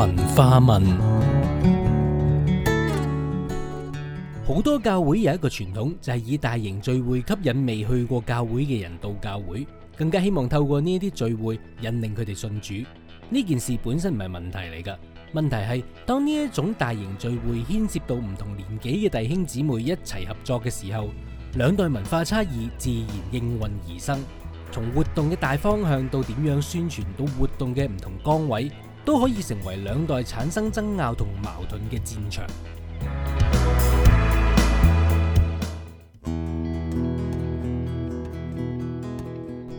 文化問，好多教會有一個傳統，就係以大型聚會吸引未去過教會嘅人到教會，更加希望透過呢啲聚會引領佢哋信主。呢件事本身唔係問題嚟噶，問題係當呢一種大型聚會牽涉到唔同年紀嘅弟兄姊妹一齊合作嘅時候，兩代文化差異自然應運而生。從活動嘅大方向到點樣宣傳，到活動嘅唔同崗位。都可以成為兩代產生爭拗同矛盾嘅戰場。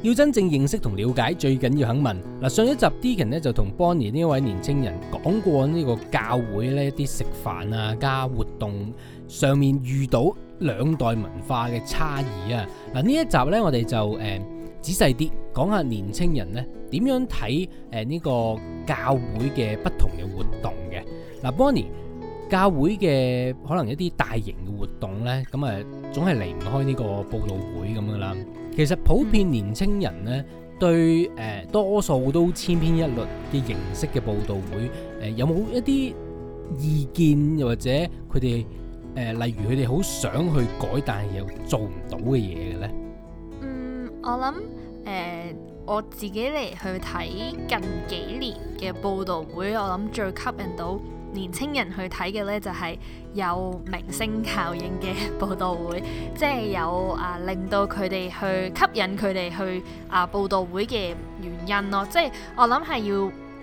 要真正認識同了解，最緊要肯問嗱。上一集 Deakin 呢就同 Bonnie 呢位年青人講過呢個教會呢啲食飯啊加活動上面遇到兩代文化嘅差異啊嗱。呢一集呢，我哋就誒仔細啲。講下年青人呢，點樣睇誒呢個教會嘅不同嘅活動嘅嗱、呃、Bonnie，教會嘅可能一啲大型嘅活動呢，咁、呃、啊總係離唔開呢個佈道會咁噶啦。其實普遍年青人呢，對誒、呃、多數都千篇一律嘅形式嘅佈道會誒、呃、有冇一啲意見又或者佢哋誒例如佢哋好想去改但係又做唔到嘅嘢嘅呢？嗯，我諗。誒、呃、我自己嚟去睇近幾年嘅佈道會，我諗最吸引到年青人去睇嘅呢，就係有明星效應嘅佈道會，即係有啊、呃、令到佢哋去吸引佢哋去啊、呃、佈道會嘅原因咯。即係我諗係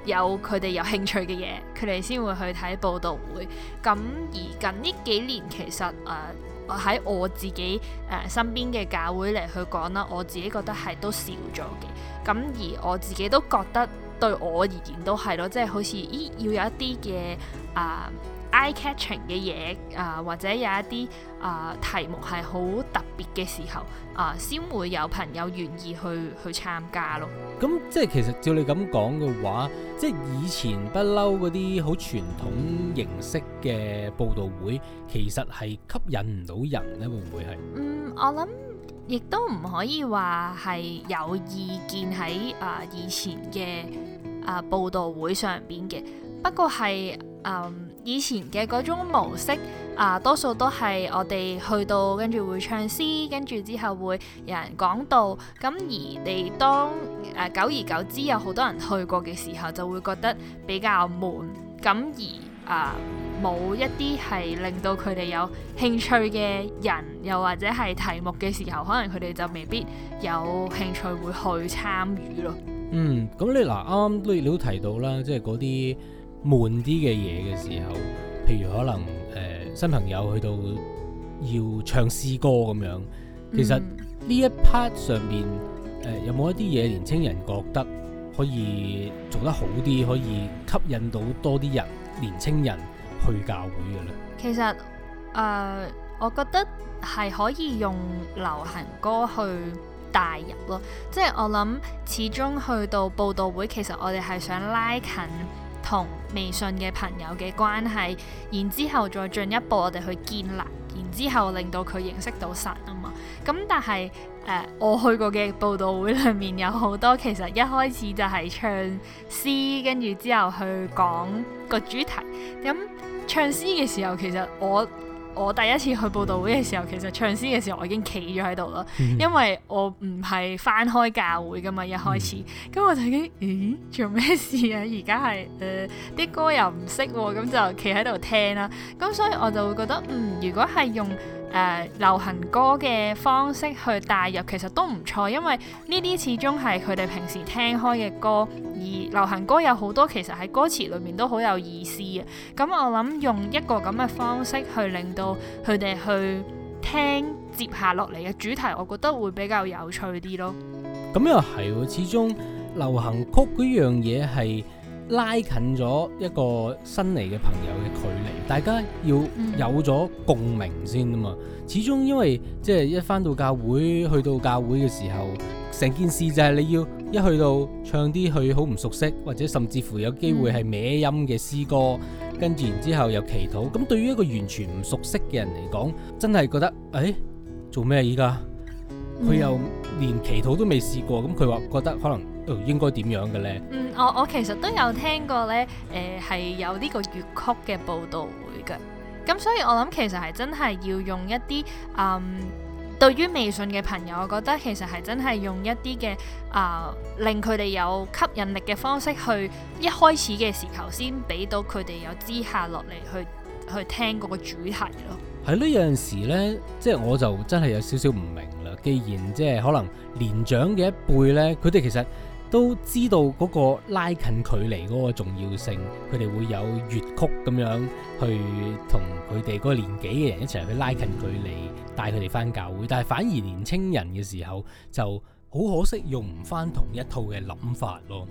要有佢哋有興趣嘅嘢，佢哋先會去睇佈道會。咁而近呢幾年其實啊～、呃喺我自己誒身邊嘅教會嚟去講啦，我自己覺得係都少咗嘅。咁而我自己都覺得對我而言都係咯，即係好似咦要有一啲嘅啊。呃 eye-catching 嘅嘢啊、呃，或者有一啲啊、呃、題目係好特別嘅時候啊、呃，先會有朋友願意去去參加咯。咁即係其實照你咁講嘅話，即係以前不嬲嗰啲好傳統形式嘅佈道會，其實係吸引唔到人呢？會唔會係？嗯，我諗亦都唔可以話係有意見喺啊、呃、以前嘅啊、呃、佈道會上邊嘅，不過係。Um, 以前嘅嗰種模式啊，多數都係我哋去到跟住會唱詩，跟住之後會有人講道。咁而你當誒、啊、久而久之有好多人去過嘅時候，就會覺得比較悶。咁而啊，冇一啲係令到佢哋有興趣嘅人，又或者係題目嘅時候，可能佢哋就未必有興趣會去參與咯。嗯，咁你嗱啱啱你都提到啦，即係嗰啲。悶啲嘅嘢嘅時候，譬如可能誒、呃、新朋友去到要唱詩歌咁樣，其實呢一 part 上面、呃、有冇一啲嘢，年青人覺得可以做得好啲，可以吸引到多啲人，年青人去教會嘅呢？其實誒、呃，我覺得係可以用流行歌去帶入咯，即係我諗始終去到布道會，其實我哋係想拉近。同微信嘅朋友嘅關係，然之後再進一步，我哋去建立，然之後令到佢認識到神啊嘛。咁但係誒、呃，我去過嘅佈道會裏面有好多，其實一開始就係唱詩，跟住之後去講個主題。咁唱詩嘅時候，其實我。我第一次去佈道會嘅時候，其實唱詩嘅時候，我已經企咗喺度啦，因為我唔係返開教會㗎嘛，一開始，咁、嗯、我就已經咦做咩事啊？而家係誒啲歌又唔識喎，咁就企喺度聽啦，啊。咁所以我就會覺得，嗯，如果係用。誒、呃、流行歌嘅方式去帶入其實都唔錯，因為呢啲始終係佢哋平時聽開嘅歌，而流行歌有好多其實喺歌詞裏面都好有意思嘅。咁、嗯、我諗用一個咁嘅方式去令到佢哋去聽接下落嚟嘅主題，我覺得會比較有趣啲咯。咁、嗯、又係，始終流行曲嗰樣嘢係。拉近咗一個新嚟嘅朋友嘅距離，大家要有咗共鳴先啊嘛！始終因為即係一返到教會，去到教會嘅時候，成件事就係你要一去到唱啲佢好唔熟悉，或者甚至乎有機會係歪音嘅詩歌，跟住然之後又祈禱。咁對於一個完全唔熟悉嘅人嚟講，真係覺得誒做咩依家佢又連祈禱都未試過，咁佢話覺得可能。應該點樣嘅呢？嗯，我我其實都有聽過呢，誒、呃，係有呢個粵曲嘅佈道會嘅。咁所以，我諗其實係真係要用一啲，嗯，對於微信嘅朋友，我覺得其實係真係用一啲嘅，啊、呃，令佢哋有吸引力嘅方式去一開始嘅時候先俾到佢哋有知下落嚟，去去聽嗰個主題咯。喺呢有陣時呢，即係我就真係有少少唔明啦。既然即係可能年長嘅一輩呢，佢哋其實～都知道嗰個拉近距離嗰個重要性，佢哋會有粵曲咁樣去同佢哋嗰個年紀嘅人一齊去拉近距離，帶佢哋翻教會。但係反而年青人嘅時候就好可惜，用唔翻同一套嘅諗法咯。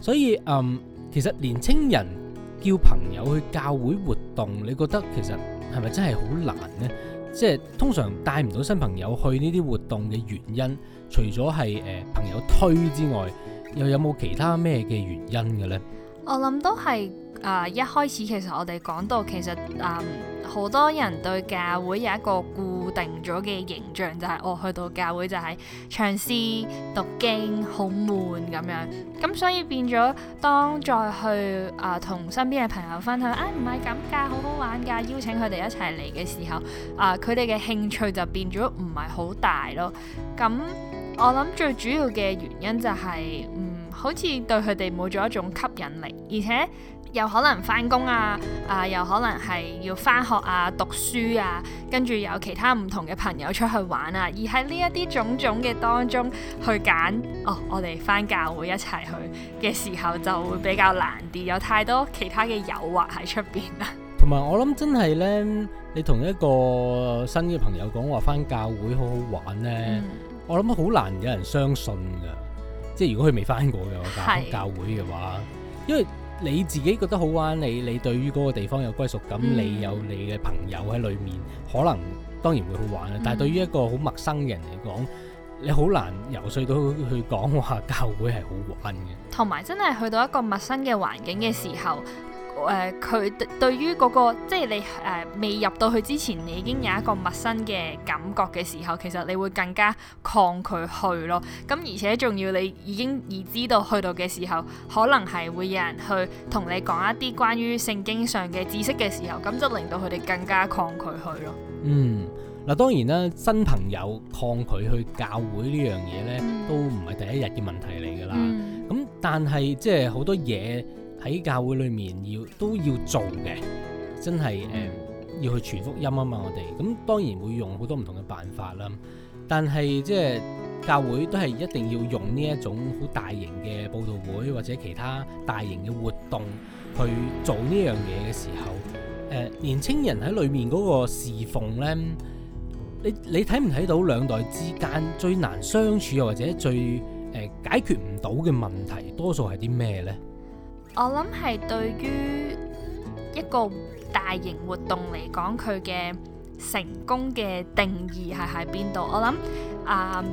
所以嗯，其實年青人叫朋友去教會活動，你覺得其實係咪真係好難咧？即係通常帶唔到新朋友去呢啲活動嘅原因，除咗係誒朋友推之外。又有冇其他咩嘅原因嘅呢？我諗都係啊、呃，一開始其實我哋講到，其實嗯，好、呃、多人對教會有一個固定咗嘅形象，就係、是、我、哦、去到教會就係唱詩讀經，好悶咁樣。咁所以變咗，當再去啊同、呃、身邊嘅朋友分享，啊唔係咁噶，好好玩噶，邀請佢哋一齊嚟嘅時候，啊佢哋嘅興趣就變咗唔係好大咯。咁我諗最主要嘅原因就係、是。好似對佢哋冇咗一種吸引力，而且又可能翻工啊，啊又可能係要翻學啊、讀書啊，跟住有其他唔同嘅朋友出去玩啊，而喺呢一啲種種嘅當中去揀哦，我哋翻教會一齊去嘅時候就會比較難啲，有太多其他嘅誘惑喺出邊啦。同埋我諗真係呢，你同一個新嘅朋友講話翻教會好好玩呢，嗯、我諗好難有人相信噶。即係如果佢未返過嘅教是教會嘅話，因為你自己覺得好玩，你你對於嗰個地方有歸屬感，嗯、你有你嘅朋友喺裏面，可能當然會好玩啦。嗯、但係對於一個好陌生嘅人嚟講，你好難游説到去講話教會係好玩嘅。同埋真係去到一個陌生嘅環境嘅時候，嗯誒，佢、呃、對於嗰、嗰個即係你誒未入到去之前，你已經有一個陌生嘅感覺嘅時候，其實你會更加抗拒去咯。咁而且仲要你已經已知道去到嘅時候，可能係會有人去同你講一啲關於聖經上嘅知識嘅時候，咁就令到佢哋更加抗拒去咯。嗯，嗱當然啦，新朋友抗拒去教會呢樣嘢呢，嗯、都唔係第一日嘅問題嚟噶啦。咁、嗯、但係即係好多嘢。喺教會裏面要都要做嘅，真係誒、呃、要去傳福音啊嘛！我哋咁、嗯、當然會用好多唔同嘅辦法啦。但係即係教會都係一定要用呢一種好大型嘅佈道會或者其他大型嘅活動去做呢樣嘢嘅時候，誒、呃，年青人喺裏面嗰個侍奉呢，你你睇唔睇到兩代之間最難相處又或者最誒、呃、解決唔到嘅問題，多數係啲咩呢？我諗係對於一個大型活動嚟講，佢嘅成功嘅定義係喺邊度？我諗，嗯，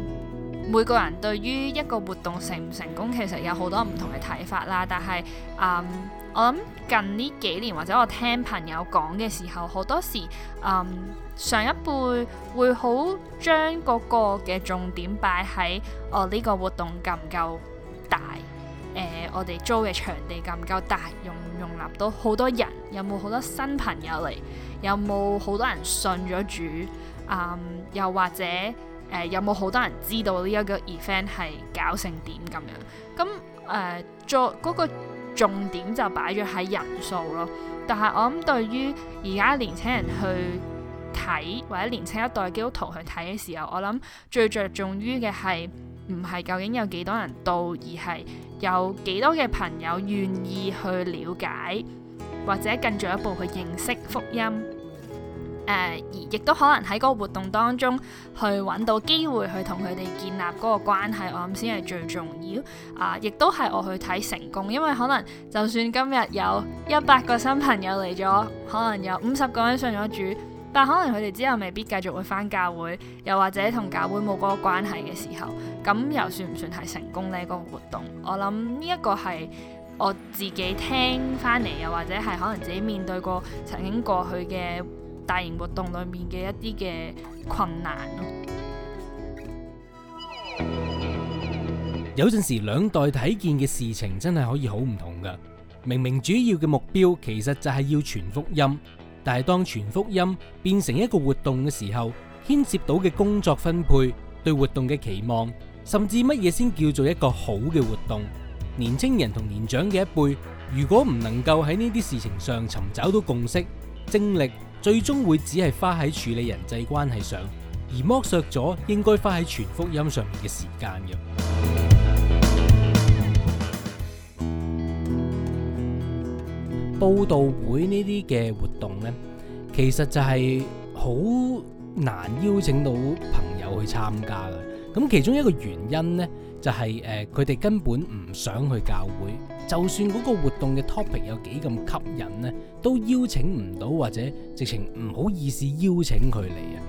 每個人對於一個活動成唔成功，其實有好多唔同嘅睇法啦。但係，嗯，我諗近呢幾年或者我聽朋友講嘅時候，好多時，嗯，上一輩會好將嗰個嘅重點擺喺我呢個活動夠唔夠大。誒、呃，我哋租嘅場地夠唔夠大，容唔容納到好多人？有冇好多新朋友嚟？有冇好多人信咗主？嗯、呃，又或者誒、呃，有冇好多人知道呢一個 event 係搞成點咁樣？咁誒，作、呃、嗰、嗰個重點就擺咗喺人數咯。但係我諗，對於而家年輕人去睇，或者年輕一代基督徒去睇嘅時候，我諗最着重於嘅係，唔係究竟有幾多人到，而係有幾多嘅朋友願意去了解，或者更進一步去認識福音。誒、呃，亦都可能喺嗰個活動當中去揾到機會去同佢哋建立嗰個關係，我諗先係最重要。啊、呃，亦都係我去睇成功，因為可能就算今日有一百個新朋友嚟咗，可能有五十個人信咗主。但可能佢哋之後未必繼續會翻教會，又或者同教會冇嗰個關係嘅時候，咁又算唔算係成功呢？嗰個活動，我諗呢一個係我自己聽翻嚟，又或者係可能自己面對過曾經過去嘅大型活動裏面嘅一啲嘅困難咯。有陣時兩代睇見嘅事情真係可以好唔同噶，明明主要嘅目標其實就係要傳福音。但係當全福音變成一個活動嘅時候，牽涉到嘅工作分配、對活動嘅期望，甚至乜嘢先叫做一個好嘅活動？年青人同年長嘅一輩，如果唔能夠喺呢啲事情上尋找到共識，精力最終會只係花喺處理人際關係上，而剝削咗應該花喺全福音上面嘅時間嘅。佈道會呢啲嘅活動呢，其實就係好難邀請到朋友去參加喇。咁其中一個原因呢，就係誒佢哋根本唔想去教會，就算嗰個活動嘅 topic 有幾咁吸引呢，都邀請唔到或者直情唔好意思邀請佢嚟啊。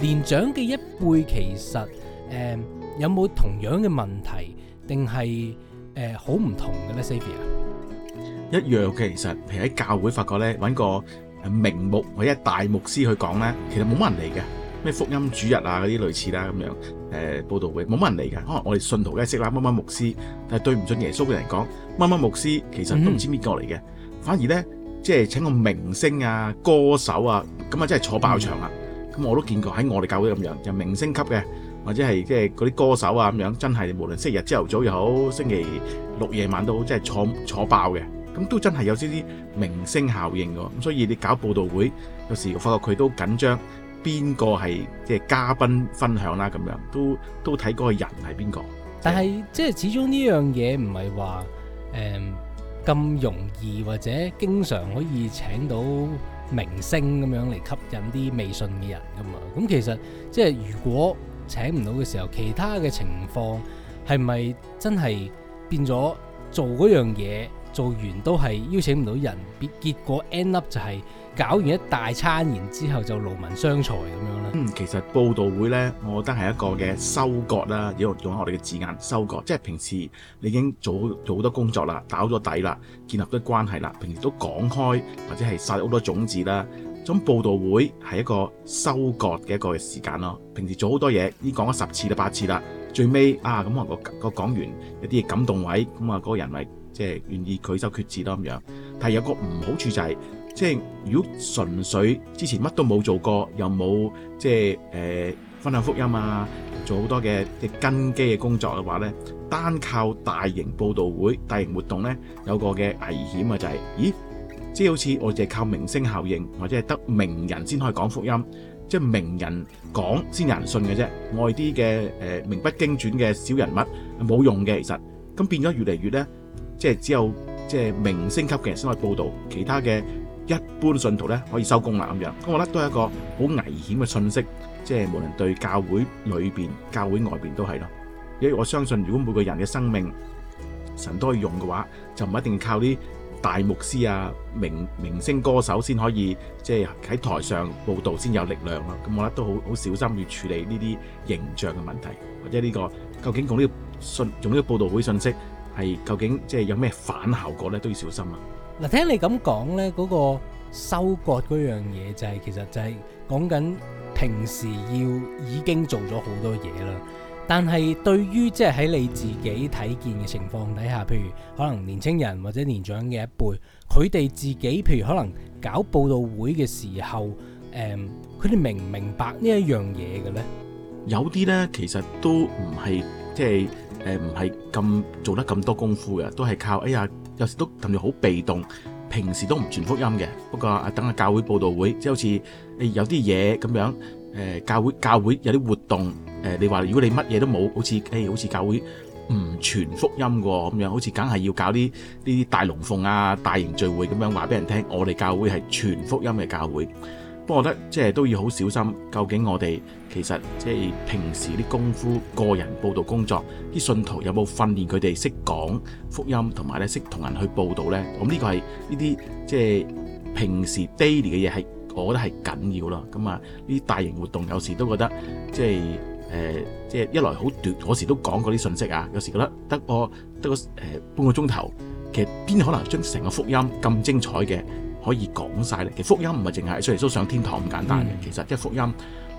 年長嘅一輩其實誒、呃、有冇同樣嘅問題，定係誒好唔同嘅呢？Xavier 一樣嘅，其實譬如喺教會發覺咧，揾個誒名牧或者大牧師去講咧，其實冇乜人嚟嘅。咩福音主日啊，嗰啲類似啦咁樣誒，佈、呃、道會冇乜人嚟嘅。可能我哋信徒都係識啦，乜乜牧師，但係對唔信耶穌嘅人講，乜乜牧師其實都唔知邊個嚟嘅。反而咧，即係請個明星啊、歌手啊，咁啊即係坐爆場啊。咁、嗯、我都見過喺我哋教會咁樣，就明星級嘅或者係即係嗰啲歌手啊咁樣真，真係無論星期日朝頭早又好，星期六夜晚都好，真係坐坐爆嘅。咁都真係有少啲明星效應㗎，咁所以你搞佈道會，有時我發覺佢都緊張邊個係即係嘉賓分享啦，咁樣都都睇嗰個人係邊個。就是、但係即係始終呢樣嘢唔係話誒咁容易，或者經常可以請到明星咁樣嚟吸引啲未信嘅人㗎嘛。咁其實即係如果請唔到嘅時候，其他嘅情況係咪真係變咗做嗰樣嘢？做完都係邀請唔到人，結結果 end up 就係搞完一大餐，然之後就勞民傷財咁樣咧。嗯，其實佈道會咧，我覺得係一個嘅收割啦，用用我哋嘅字眼收割，即係平時你已經做好做好多工作啦，打咗底啦，建立咗關係啦，平時都講開或者係撒咗好多種子啦。咁佈道會係一個收割嘅一個時間咯。平時做好多嘢，已經講咗十次啦、八次啦，最尾啊，咁啊個個講完有啲嘢感動位，咁啊嗰個人咪。即係願意舉手決志咯咁樣，但係有個唔好處就係、是，即係如果純粹之前乜都冇做過，又冇即係誒、呃、分享福音啊，做好多嘅嘅根基嘅工作嘅話咧，單靠大型佈道會、大型活動咧，有個嘅危險嘅就係、是，咦，即係好似我哋係靠明星效應，或者係得名人先可以講福音，即係名人講先有人信嘅啫。我哋啲嘅誒名不經傳嘅小人物冇用嘅，其實咁變咗越嚟越咧。即係只有即係明星級嘅人先可以佈道，其他嘅一般信徒咧可以收工啦咁樣。咁我覺得都係一個好危險嘅信息，即係無論對教會裏邊、教會外邊都係咯。因為我相信，如果每個人嘅生命神都可以用嘅話，就唔一定靠啲大牧師啊、明明星歌手先可以即係喺台上佈道先有力量咯。咁我覺得都好好小心要處理呢啲形象嘅問題，或者呢、這個究竟講呢信用呢個佈道會信息。係究竟即係有咩反效果呢？都要小心啊！嗱，聽你咁講呢，嗰、嗰個收割嗰樣嘢，就係，就係其實就係講緊平時要已經做咗好多嘢啦。但係對於即係喺你自己睇見嘅情況底下，譬如可能年青人或者年長嘅一輩，佢哋自己譬如可能搞佈道會嘅時候，誒、嗯，佢哋明唔明白呢一樣嘢嘅呢？有啲呢，其實都唔係即係。就是誒，唔係咁做得咁多功夫嘅，都係靠哎呀，有時都甚至好被動，平時都唔傳福音嘅。不過啊，等下教會佈道會即係好似誒、哎、有啲嘢咁樣誒、呃，教會教會有啲活動誒、呃，你話如果你乜嘢都冇，好似誒、哎、好似教會唔傳福音喎咁樣，好似梗係要搞啲啲大龍鳳啊，大型聚會咁樣話俾人聽，我哋教會係傳福音嘅教會。不過，我覺得即係都要好小心。究竟我哋其實即係平時啲功夫、個人佈道工作、啲信徒有冇訓練佢哋識講福音，同埋咧識同人去佈道咧？咁呢個係呢啲即係平時 daily 嘅嘢，係我覺得係緊要咯。咁啊，呢啲大型活動有時都覺得即係誒，即係、呃、一來好短，我時都講過啲信息啊。有時覺得得個得個、呃、半個鐘頭，其實邊可能將成個福音咁精彩嘅？可以講晒？咧，其實福音唔係淨係蘇黎蘇上天堂咁簡單嘅。嗯、其實即係福音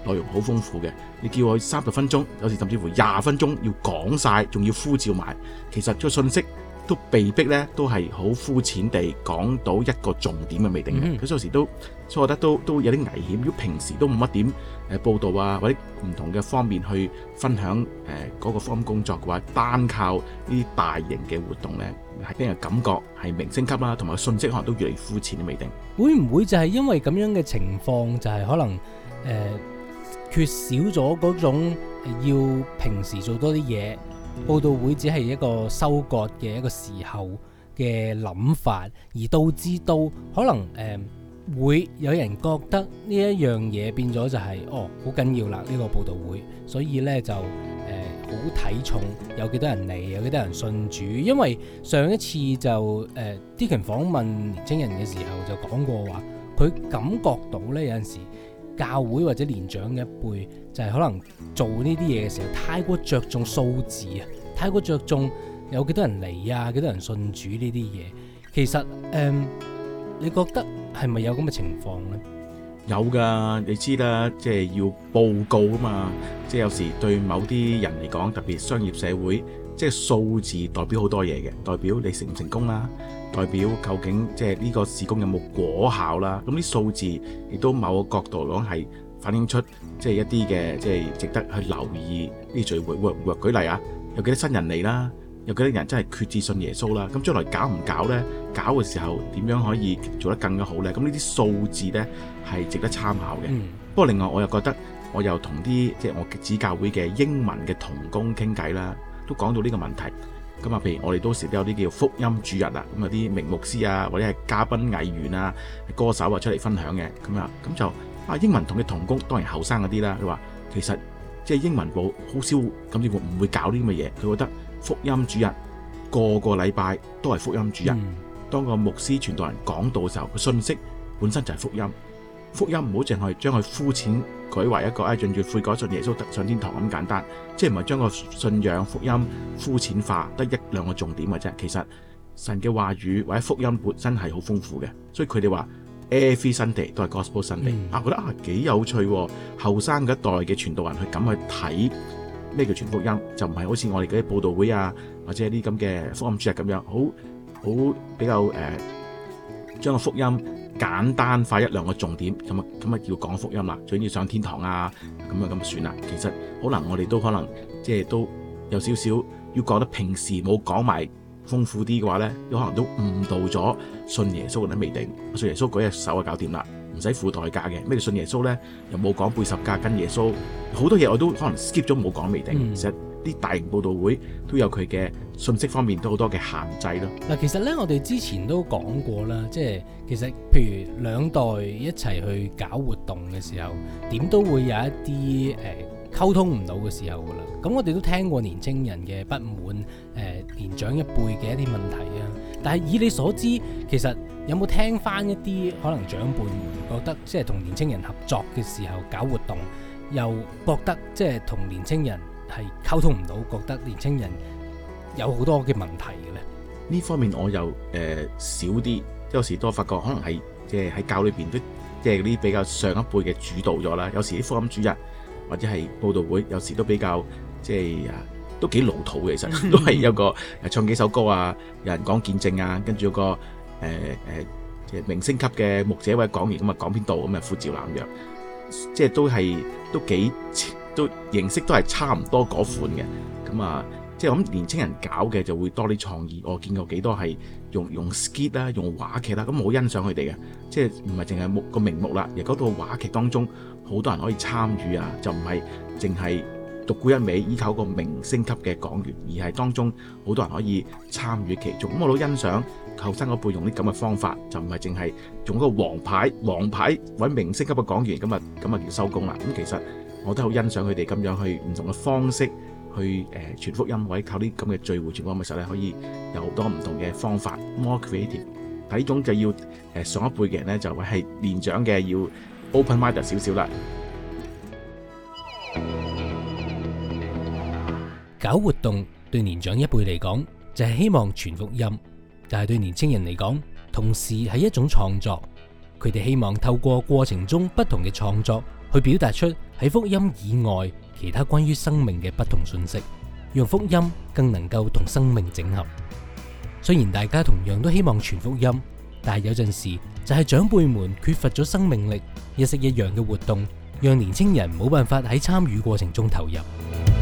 內容好豐富嘅。你叫我三十分鐘，有時甚至乎廿分鐘要講晒，仲要呼召埋，其實個信息。都被迫咧，都係好膚淺地講到一個重點嘅未定。佢有、嗯、時都，我覺得都都有啲危險。如果平時都冇乜點誒報道啊，或者唔同嘅方面去分享誒嗰、呃那個方面工作嘅話，單靠呢啲大型嘅活動咧，係俾人感覺係明星級啊？同埋信息可能都越嚟越膚淺嘅未定。會唔會就係因為咁樣嘅情況，就係、是、可能誒、呃、缺少咗嗰種要平時做多啲嘢？佈道會只係一個收割嘅一個時候嘅諗法，而導致到可能誒、呃、會有人覺得呢一樣嘢變咗就係、是、哦好緊要啦呢、呢個佈道會，所以咧就誒、呃、好睇重有幾多人嚟，有幾多人信主，因為上一次就誒啲人訪問年輕人嘅時候就講過話，佢感覺到咧有陣時。教會或者年長嘅一輩，就係可能做呢啲嘢嘅時候太過着重數字啊，太過着重有幾多人嚟啊，幾多人信主呢啲嘢。其實誒，你覺得係咪有咁嘅情況呢？有噶，你知啦，即係要報告啊嘛。即係有時對某啲人嚟講，特別商業社會，即係數字代表好多嘢嘅，代表你成唔成功啦。代表究竟即係呢個事工有冇果效啦？咁啲數字亦都某個角度嚟講係反映出即係一啲嘅即係值得去留意呢啲聚會。譬如舉，舉，舉，舉例啊，有幾多新人嚟啦？有幾多人真係決志信耶穌啦？咁將來搞唔搞呢？搞嘅時候點樣可以做得更加好呢？咁呢啲數字呢，係值得參考嘅。嗯、不過另外我又覺得，我又同啲即係我指教會嘅英文嘅同工傾偈啦，都講到呢個問題。咁啊，譬如我哋都時都有啲叫福音主日啦，咁啊，啲名牧師啊，或者係嘉賓藝員啊、歌手啊出嚟分享嘅咁啊，咁就啊英文同佢同工，當然後生嗰啲啦。佢話其實即係英文部好少，甚至乎唔會搞啲咁嘅嘢。佢覺得福音主日個個禮拜都係福音主日，嗯、當個牧師傳道人講到時候，個信息本身就係福音。福音唔好淨係將佢膚淺。佢話一個啊，進住悔改信耶穌得上天堂咁簡單，即係唔係將個信仰福音膚淺化，得一兩個重點嘅啫。其實神嘅話語或者福音本身係好豐富嘅，所以佢哋話 every Sunday 都係 gospel Sunday，啊，覺得啊幾有趣。後生一代嘅傳道人去咁去睇咩叫傳福音，就唔係好似我哋嗰啲佈道會啊，或者啲咁嘅福音主日咁樣，好好比較誒將個福音。簡單化一兩個重點，咁啊咁啊要講福音啦，最緊要上天堂啊，咁啊咁就算啦。其實可能我哋都可能即係都有少少要講得平時冇講埋豐富啲嘅話咧，有可能都誤導咗信耶穌嘅都未定。信耶穌嗰隻手就搞掂啦，唔使付代價嘅。咩叫信耶穌咧？又冇講背十架跟耶穌，好多嘢我都可能 skip 咗冇講未定。嗯。啲大型佈道會都有佢嘅信息方面都好多嘅限制咯。嗱，其實呢，我哋之前都講過啦，即係其實，譬如兩代一齊去搞活動嘅時候，點都會有一啲誒、呃、溝通唔到嘅時候噶啦。咁、嗯、我哋都聽過年青人嘅不滿，誒、呃、年長一輩嘅一啲問題啊。但係以你所知，其實有冇聽返一啲可能長輩覺得，即係同年青人合作嘅時候搞活動，又覺得即係同年青人。係溝通唔到，覺得年青人有好多嘅問題嘅咧。呢方面我又誒少啲，有時都發覺可能係即係喺教裏邊都即係啲比較上一輩嘅主導咗啦。有時啲福音主日或者係佈道會有時都比較即係啊，都幾老土嘅，其實都係有個唱幾首歌啊，有人講見證啊，跟住有個誒誒明星級嘅牧者位講完咁啊，講篇道咁啊，呼召南約，即係都係都幾。都形式都係差唔多嗰款嘅，咁啊，即係我諗年青人搞嘅就會多啲創意。我見過幾多係用用 skit 啦、啊，用話劇啦、啊，咁我好欣賞佢哋嘅。即係唔係淨係目個名目啦，而嗰套話劇當中好多人可以參與啊，就唔係淨係獨沽一味依靠個明星級嘅講員，而係當中好多人可以參與其中。咁我好欣賞後生嗰輩用啲咁嘅方法，就唔係淨係用個黃牌黃牌揾明星級嘅講員，咁啊咁啊叫收工啦。咁其實。我都好欣賞佢哋咁樣去唔同嘅方式去誒，傳福音或者靠啲咁嘅聚會傳福音嘅時候咧，可以有好多唔同嘅方法。more creative，但呢種就要誒上一輩嘅人咧，就會係年長嘅要 open-minded 少少啦。搞活動對年長一輩嚟講就係希望傳福音，但係對年青人嚟講，同時係一種創作。佢哋希望透過過程中不同嘅創作去表達出。喺福音以外，其他關於生命嘅不同信息，讓福音更能夠同生命整合。雖然大家同樣都希望傳福音，但係有陣時就係長輩們缺乏咗生命力，日式一樣嘅活動，讓年輕人冇辦法喺參與過程中投入。